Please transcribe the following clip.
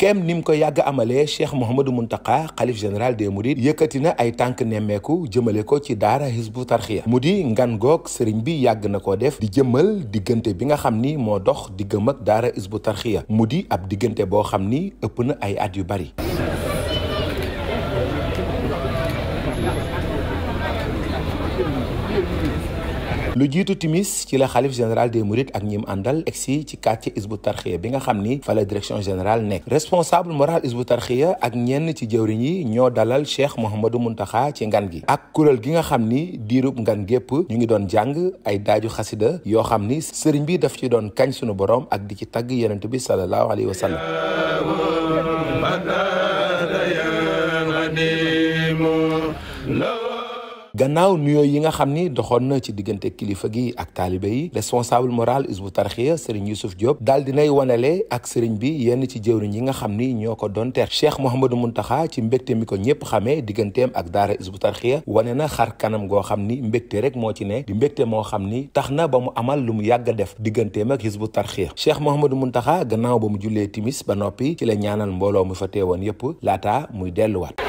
kem ni mu ko yàgg amalee cheikh Mouhamadou Mountakha xalif général des Mourides yëkkati na ay tànk nemmeeku jëmale ko ci daara Hizbut Tarqiyyah mu di ngan goog sëriñ bi yàgg na koo def di jëmal diggante bi nga xam ni moo dox diggam ak daara Hizbut Tarqiyyah mu di ab diggante boo xam ni ëpp na ay at yu bari. lu jiitu timis ci la xalif général des Mourides ak ñim àndal egsi ci quartier Hizbut Tarqiyyah bi nga xam ni fa la direction générale nekk responsable moral Hizbut Tarqiyyah ak ñenn ci jëwriñ yi ñoo dalal Cheikh Mouhamadou muntaxa ci ngan gi ak kuréel gi nga xam ni diirub ngan gépp ñu ngi doon jàng ay daaju xasida yoo xam ni sëriñ bi daf ci doon kañ suñu boroom ak di ci tagg yonent bi sallallahu alayhi wa sallam la gannaaw nuyoo yi nga xam ni doxoon na ci diggante kilifa gi ak taalibe yi responsable moral Hizbut Tarqiyyah Serigne Youssouf Diop di dinay wanale ak Serigne bi yenn ci jëwriñ yi nga xam ni ñoo ko doon ter Cheikh Mouhamadou Mountakha ci mbégte mi ko ñëpp xamee digganteem ak daara Hizbut Tarqiyyah wane na xar kanam goo xam ni mbégte rek moo ci ne di mbégte moo xam ni tax na ba mu amal lu mu yàgg a def digganteem ak Hizbut Tarqiyyah Cheikh Mouhamadou Mountakha gannaaw ba mu jullee timis ba noppi ci la ñaanal mbooloo mu fa teewoon yëpp laata muy delluwaat